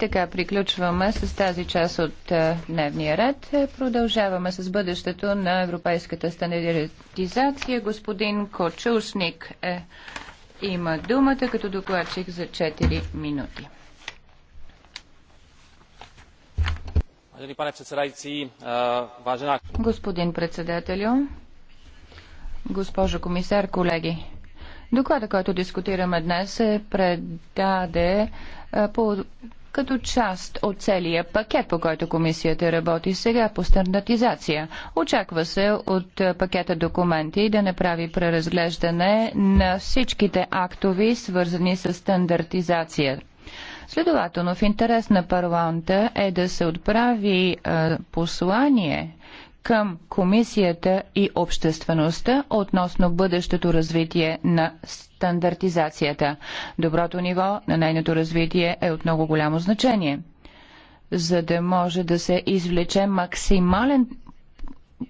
Така приключваме с тази част от е, дневния ред. Продължаваме с бъдещето на европейската стандартизация. Господин Кочушник е, има думата като докладчик за 4 минути. Е, Господин председателю, госпожо комисар, колеги. Доклада, който дискутираме днес, се предаде е, по като част от целия пакет, по който комисията работи сега по стандартизация. Очаква се от пакета документи да направи преразглеждане на всичките актови, свързани с стандартизация. Следователно, в интерес на парламента е да се отправи е, послание към комисията и обществеността относно бъдещето развитие на стандартизацията. Доброто ниво на нейното развитие е от много голямо значение, за да може да се извлече максимален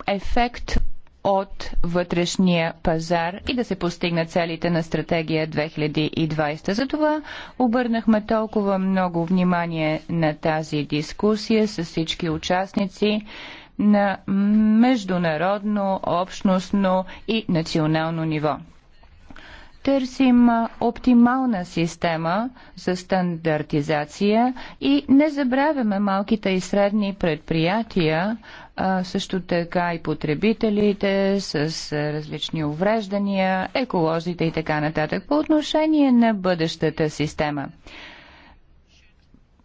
ефект от вътрешния пазар и да се постигна целите на стратегия 2020. Затова обърнахме толкова много внимание на тази дискусия с всички участници на международно, общностно и национално ниво. Търсим оптимална система за стандартизация и не забравяме малките и средни предприятия, също така и потребителите с различни увреждания, еколозите и така нататък по отношение на бъдещата система.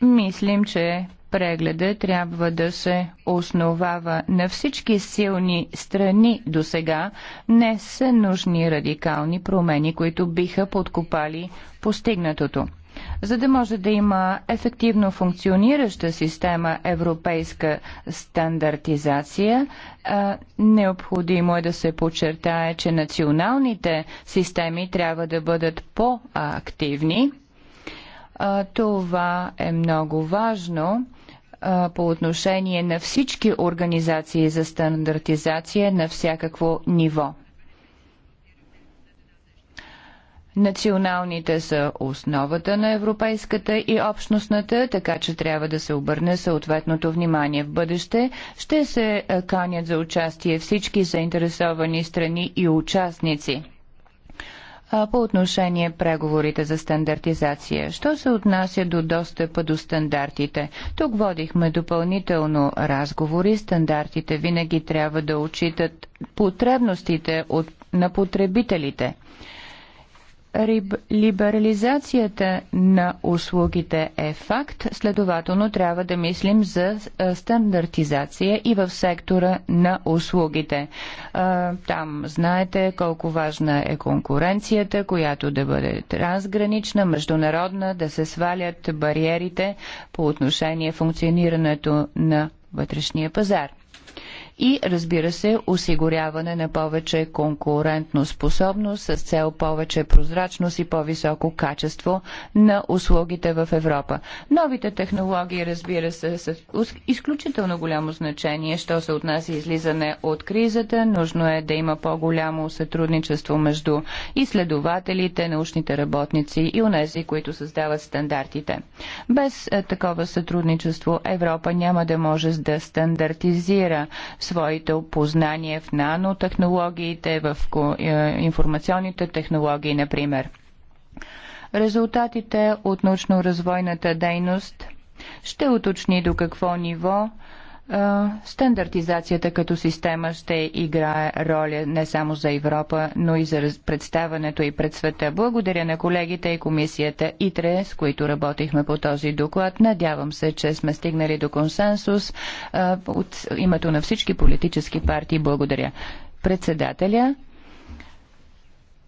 Мислим, че прегледа трябва да се основава на всички силни страни до сега, не са нужни радикални промени, които биха подкопали постигнатото. За да може да има ефективно функционираща система европейска стандартизация, необходимо е да се подчертае, че националните системи трябва да бъдат по-активни – това е много важно по отношение на всички организации за стандартизация на всякакво ниво. Националните са основата на европейската и общностната, така че трябва да се обърне съответното внимание в бъдеще. Ще се канят за участие всички заинтересовани страни и участници по отношение преговорите за стандартизация. Що се отнася до достъпа до стандартите? Тук водихме допълнително разговори. Стандартите винаги трябва да отчитат потребностите от, на потребителите либерализацията на услугите е факт, следователно трябва да мислим за стандартизация и в сектора на услугите. Там знаете колко важна е конкуренцията, която да бъде трансгранична, международна, да се свалят бариерите по отношение функционирането на вътрешния пазар и разбира се осигуряване на повече конкурентно способност с цел повече прозрачност и по-високо качество на услугите в Европа. Новите технологии, разбира се, са изключително голямо значение, що се отнася излизане от кризата. Нужно е да има по-голямо сътрудничество между изследователите, научните работници и унези, които създават стандартите. Без е, такова сътрудничество Европа няма да може да стандартизира своите познания в нанотехнологиите, в е, информационните технологии, например. Резултатите от научно-развойната дейност ще уточни до какво ниво е, стандартизацията като система ще играе роля не само за Европа, но и за представането и пред света. Благодаря на колегите и комисията ИТРЕ, с които работихме по този доклад. Надявам се, че сме стигнали до консенсус е, от името на всички политически партии. Благодаря. Председателя.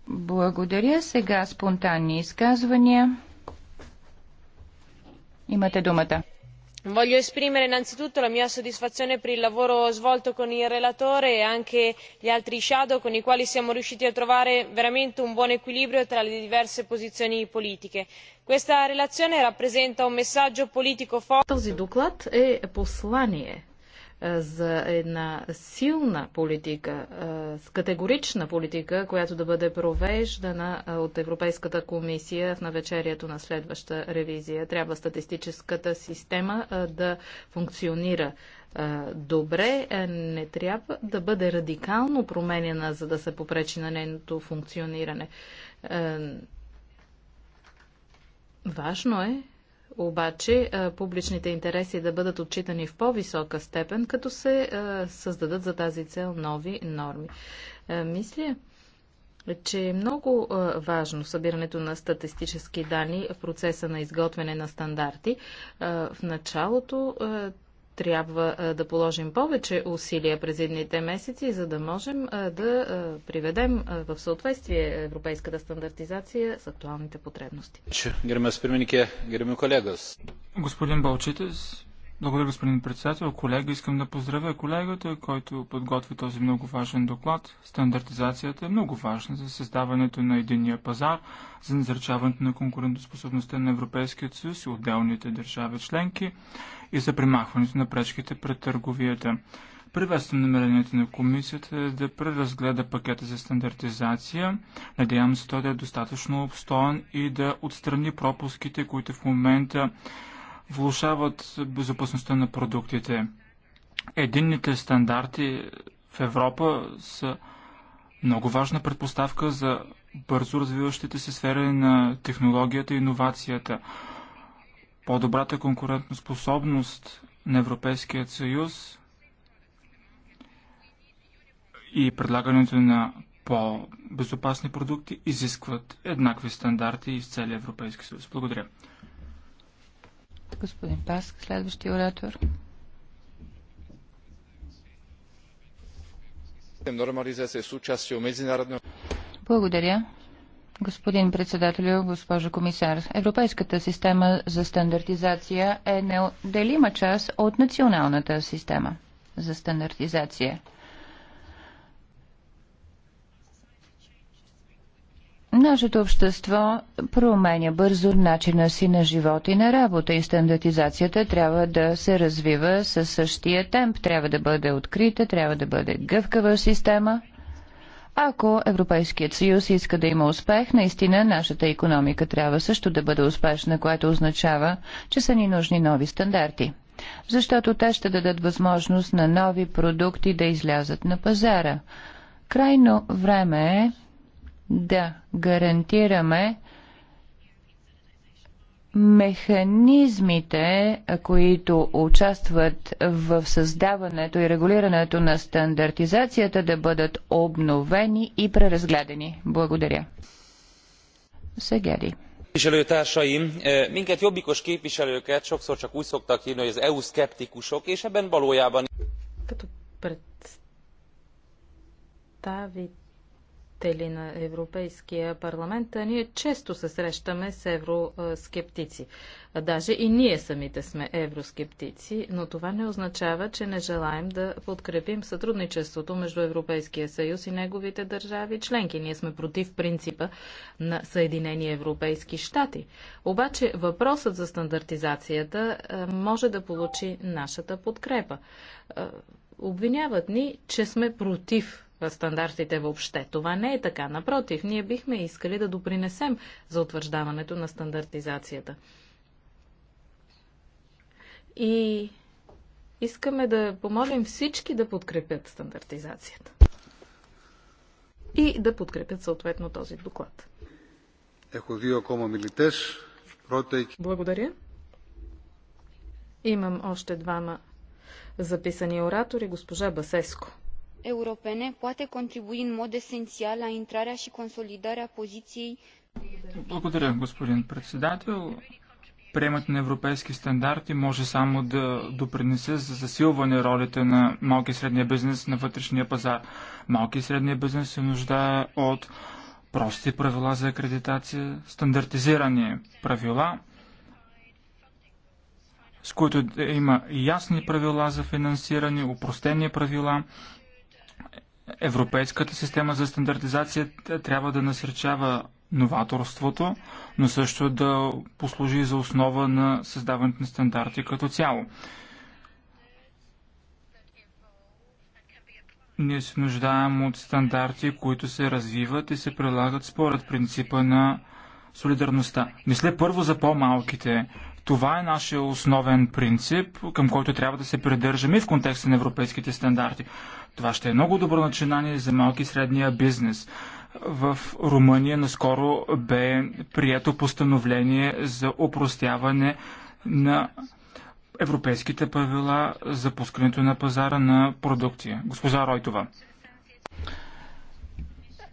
Благодаря. Сега спонтанни изказвания. Имате думата voglio esprimere innanzitutto la mia soddisfazione per il lavoro svolto con il relatore e anche gli altri shadow con i quali siamo riusciti a trovare veramente un buon equilibrio tra le diverse posizioni politiche. questa relazione rappresenta un messaggio politico forte е, за една силна политика, е, с категорична политика, която да бъде провеждана е, от Европейската комисия в навечерието на следваща ревизия. Трябва статистическата система да функционира добре, не трябва да бъде радикално променена, за да се попречи на нейното функциониране. Важно е обаче публичните интереси да бъдат отчитани в по-висока степен, като се създадат за тази цел нови норми. Мисля, че е много важно събирането на статистически данни в процеса на изготвяне на стандарти. В началото трябва да положим повече усилия през едните месеци, за да можем да приведем в съответствие европейската стандартизация с актуалните потребности. Господин Балчитес, благодаря, господин председател. Колега, искам да поздравя колегата, който подготви този много важен доклад. Стандартизацията е много важна за създаването на единия пазар, за назначаването на конкурентоспособността на Европейския съюз и отделните държави членки и за примахването на пречките пред търговията. Приветствам намерението на комисията да преразгледа пакета за стандартизация. Надявам се той да е достатъчно обстоен и да отстрани пропуските, които в момента влушават безопасността на продуктите. Единните стандарти в Европа са много важна предпоставка за бързо развиващите се сфери на технологията и иновацията. По-добрата конкурентоспособност на Европейския съюз и предлагането на по-безопасни продукти изискват еднакви стандарти из целия Европейски съюз. Благодаря. Господин Паск, следващия оратор. Нормализация е международно. Благодаря. Господин председател, госпожо комисар, Европейската система за стандартизация е неделима част от националната система за стандартизация. Нашето общество променя бързо начина си на живот и на работа и стандартизацията трябва да се развива със същия темп. Трябва да бъде открита, трябва да бъде гъвкава система. Ако Европейският съюз иска да има успех, наистина нашата економика трябва също да бъде успешна, което означава, че са ни нужни нови стандарти. Защото те ще дадат възможност на нови продукти да излязат на пазара. Крайно време е да гарантираме механизмите, които участват в създаването и регулирането на стандартизацията да бъдат обновени и преразгледани. Благодаря. Сегери. Képviselőtársaim, е, minket jobbikos képviselőket sokszor csak úgy szoktak hívni, hogy az EU szkeptikusok, és ebben valójában... Като представители на Европейския парламент, ние често се срещаме с евроскептици. Даже и ние самите сме евроскептици, но това не означава, че не желаем да подкрепим сътрудничеството между Европейския съюз и неговите държави членки. Ние сме против принципа на Съединени Европейски щати. Обаче въпросът за стандартизацията е, може да получи нашата подкрепа. Е, обвиняват ни, че сме против стандартите въобще. Това не е така. Напротив, ние бихме искали да допринесем за утвърждаването на стандартизацията. И искаме да помолим всички да подкрепят стандартизацията. И да подкрепят съответно този доклад. Ехо δύο ακόμα μιλητές. Благодаря. Имам още двама записани оратори. Госпожа Басеско europene poate contribui în mod esențial la intrarea și consolidarea poziției. Благодаря, господин председател. Приемането на европейски стандарти може само да допринесе за засилване ролите на малки и средния бизнес на вътрешния пазар. Малки и средния бизнес се нуждае от прости правила за акредитация, стандартизирани правила, с които има ясни правила за финансиране, упростени правила Европейската система за стандартизация трябва да насърчава новаторството, но също да послужи за основа на създаването на стандарти като цяло. Ние се нуждаем от стандарти, които се развиват и се прилагат според принципа на солидарността. Мисля първо за по-малките, това е нашия основен принцип, към който трябва да се придържаме и в контекста на европейските стандарти. Това ще е много добро начинание за малки и средния бизнес. В Румъния наскоро бе прието постановление за упростяване на европейските правила за пускането на пазара на продукти. Госпожа Ройтова.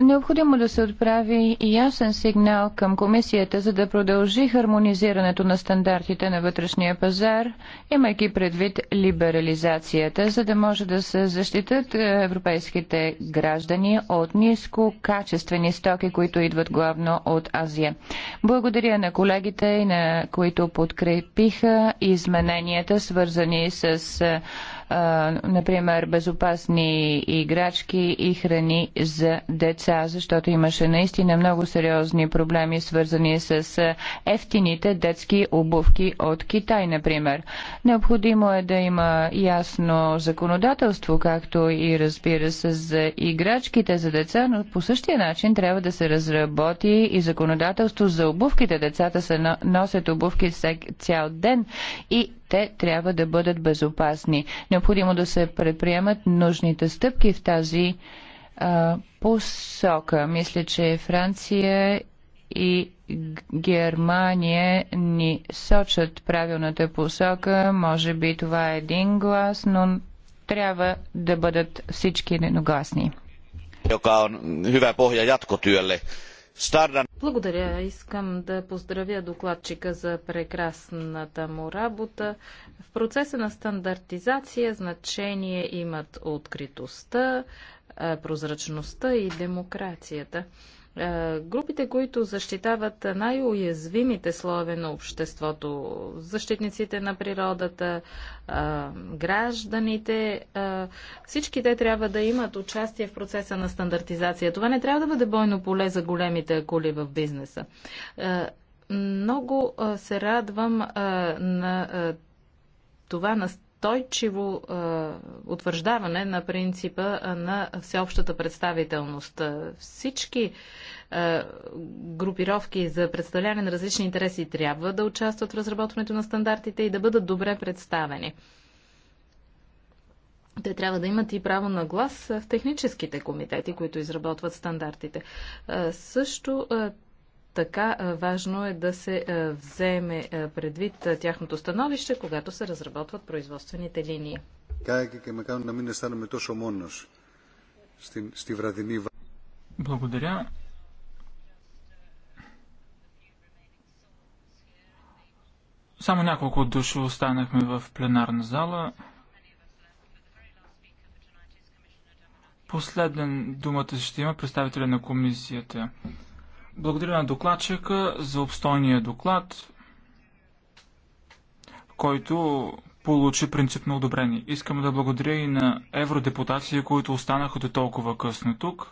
Необходимо да се отправи ясен сигнал към комисията, за да продължи хармонизирането на стандартите на вътрешния пазар, имайки предвид либерализацията, за да може да се защитат е, европейските граждани от ниско качествени стоки, които идват главно от Азия. Благодаря на колегите, и на които подкрепиха измененията, свързани с е, например, безопасни играчки и храни за деца, защото имаше наистина много сериозни проблеми, свързани с ефтините детски обувки от Китай, например. Необходимо е да има ясно законодателство, както и разбира се за играчките за деца, но по същия начин трябва да се разработи и законодателство за обувките. Децата се носят обувки цял ден и те трябва да бъдат безопасни. Необходимо да се предприемат нужните стъпки в тази а, посока. Мисля, че Франция и Германия ни сочат правилната посока. Може би това е един глас, но трябва да бъдат всички едногласни. Joka on hyvä pohja jatkotyölle. Благодаря. Искам да поздравя докладчика за прекрасната му работа. В процеса на стандартизация значение имат откритостта, прозрачността и демокрацията. Е, групите, които защитават най-уязвимите слоеве на обществото, защитниците на природата, е, гражданите, е, всички те трябва да имат участие в процеса на стандартизация. Това не трябва да бъде бойно поле за големите коли в бизнеса. Много се радвам на това настойчиво утвърждаване на принципа на всеобщата представителност. Всички групировки за представляване на различни интереси трябва да участват в разработването на стандартите и да бъдат добре представени. Те трябва да имат и право на глас в техническите комитети, които изработват стандартите. Също така важно е да се вземе предвид тяхното становище, когато се разработват производствените линии και με κάνουν να μην αισθάνομαι τόσο μόνος στη, στη βραδινή Благодаря. Само няколко души останахме в пленарна зала. Последен думата ще има представителя на комисията. Благодаря на докладчика за обстойния доклад, който получи принципно одобрение. Искам да благодаря и на евродепутации, които останаха до толкова късно тук,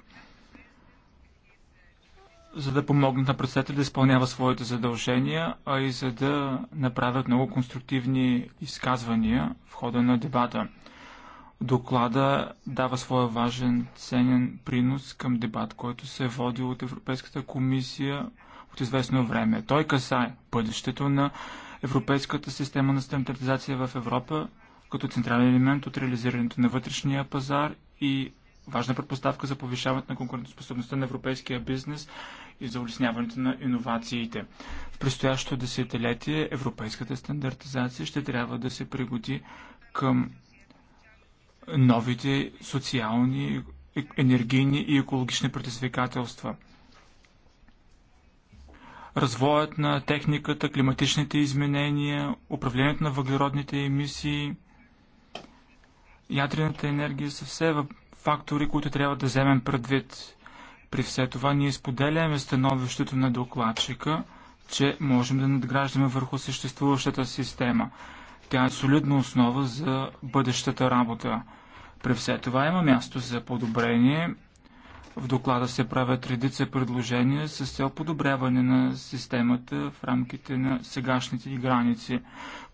за да помогнат на председателя да изпълнява своите задължения, а и за да направят много конструктивни изказвания в хода на дебата. Доклада дава своя важен ценен принос към дебат, който се води от Европейската комисия от известно време. Той касае бъдещето на Европейската система на стандартизация в Европа като централен елемент от реализирането на вътрешния пазар и важна предпоставка за повишаването на конкурентоспособността на европейския бизнес и за улесняването на иновациите. В предстоящото десетилетие европейската стандартизация ще трябва да се пригоди към новите социални, енергийни и екологични предизвикателства – развоят на техниката, климатичните изменения, управлението на въглеродните емисии, ядрената енергия са все фактори, които трябва да вземем предвид. При все това ние споделяме становището на докладчика, че можем да надграждаме върху съществуващата система. Тя е солидна основа за бъдещата работа. При все това има място за подобрение в доклада се правят редица предложения с цел подобряване на системата в рамките на сегашните граници.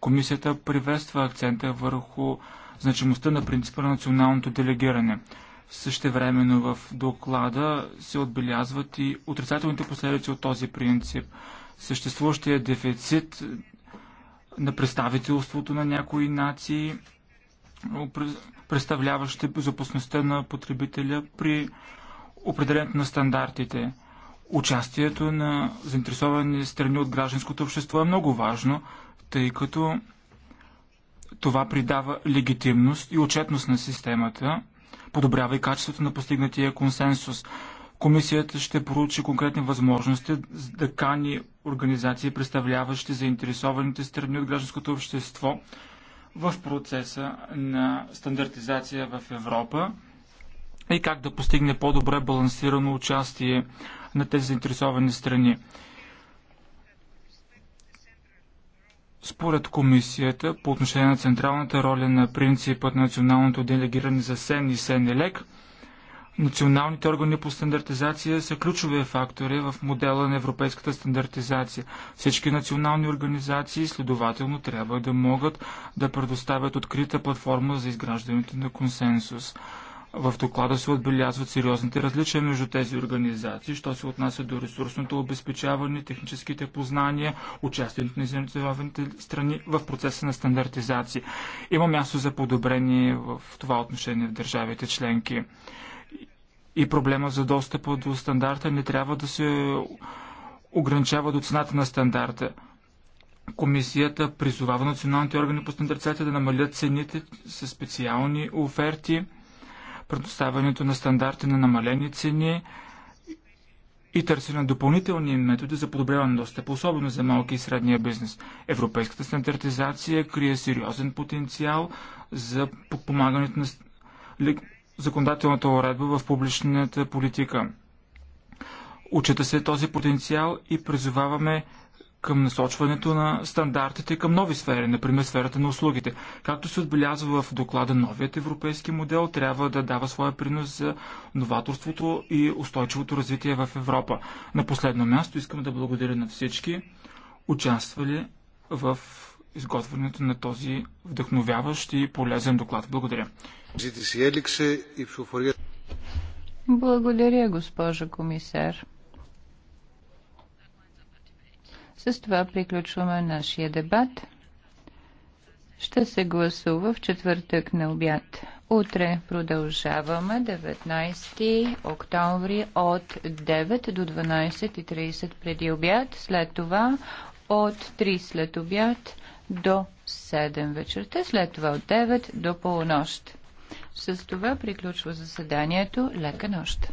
Комисията приветства акцента върху значимостта на принципа на националното делегиране. Същевременно в доклада се отбелязват и отрицателните последици от този принцип. Съществуващия дефицит на представителството на някои нации, представляващи безопасността на потребителя при определенето на стандартите. Участието на заинтересовани страни от гражданското общество е много важно, тъй като това придава легитимност и отчетност на системата, подобрява и качеството на постигнатия консенсус. Комисията ще поручи конкретни възможности да кани организации, представляващи заинтересованите страни от гражданското общество в процеса на стандартизация в Европа и как да постигне по-добре балансирано участие на тези заинтересовани страни. Според комисията, по отношение на централната роля на принципът на националното делегиране за СЕН и СЕНЕЛЕК, националните органи по стандартизация са ключови фактори в модела на европейската стандартизация. Всички национални организации следователно трябва да могат да предоставят открита платформа за изграждането на консенсус. В доклада се отбелязват сериозните различия между тези организации, що се отнася до ресурсното обезпечаване, техническите познания, участието на заинтересованите страни в процеса на стандартизация. Има място за подобрение в това отношение в държавите членки. И проблема за достъпа до стандарта не трябва да се ограничава до цената на стандарта. Комисията призовава националните органи по стандартизация да намалят цените с специални оферти – предоставянето на стандарти на намалени цени и търсене на допълнителни методи за подобряване на достъп, особено за малки и средния бизнес. Европейската стандартизация крие сериозен потенциал за подпомагането на законодателната уредба в публичната политика. Учета се този потенциал и призоваваме към насочването на стандартите към нови сфери, например сферата на услугите. Както се отбелязва в доклада, новият европейски модел трябва да дава своя принос за новаторството и устойчивото развитие в Европа. На последно място искам да благодаря на всички, участвали в изготвянето на този вдъхновяващ и полезен доклад. Благодаря. Благодаря, госпожа комисар. С това приключваме нашия дебат. Ще се гласува в четвъртък на обяд. Утре продължаваме 19 октомври от 9 до 12.30 преди обяд. След това от 3 след обяд до 7 вечерта, след това от 9 до полунощ. С това приключва заседанието. Лека нощ!